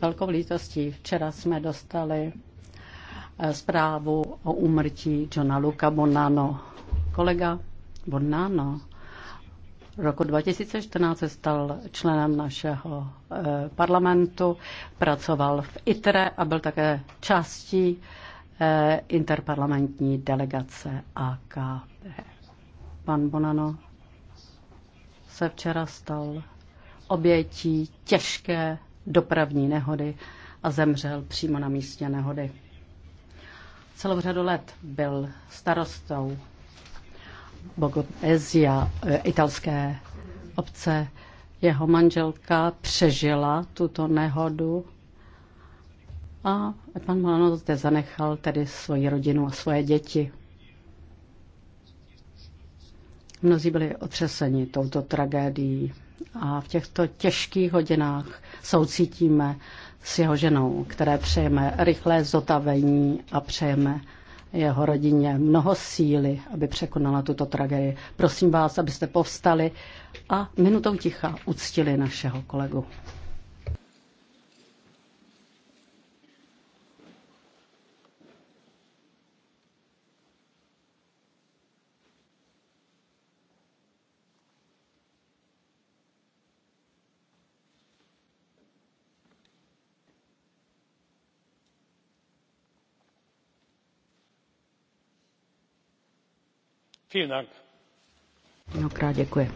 velkou lítostí. Včera jsme dostali eh, zprávu o úmrtí Johna Luca Bonano. Kolega Bonano v roku 2014 se stal členem našeho eh, parlamentu, pracoval v ITRE a byl také částí eh, interparlamentní delegace AKP. Pan Bonano se včera stal obětí těžké dopravní nehody a zemřel přímo na místě nehody. Celou řadu let byl starostou Bogotezia, eh, italské obce. Jeho manželka přežila tuto nehodu a pan Malano zde zanechal tedy svoji rodinu a svoje děti. Mnozí byli otřeseni touto tragédií a v těchto těžkých hodinách soucítíme s jeho ženou, které přejeme rychlé zotavení a přejeme jeho rodině mnoho síly, aby překonala tuto tragédii. Prosím vás, abyste povstali a minutou ticha uctili našeho kolegu. Mnohokrát děkuji.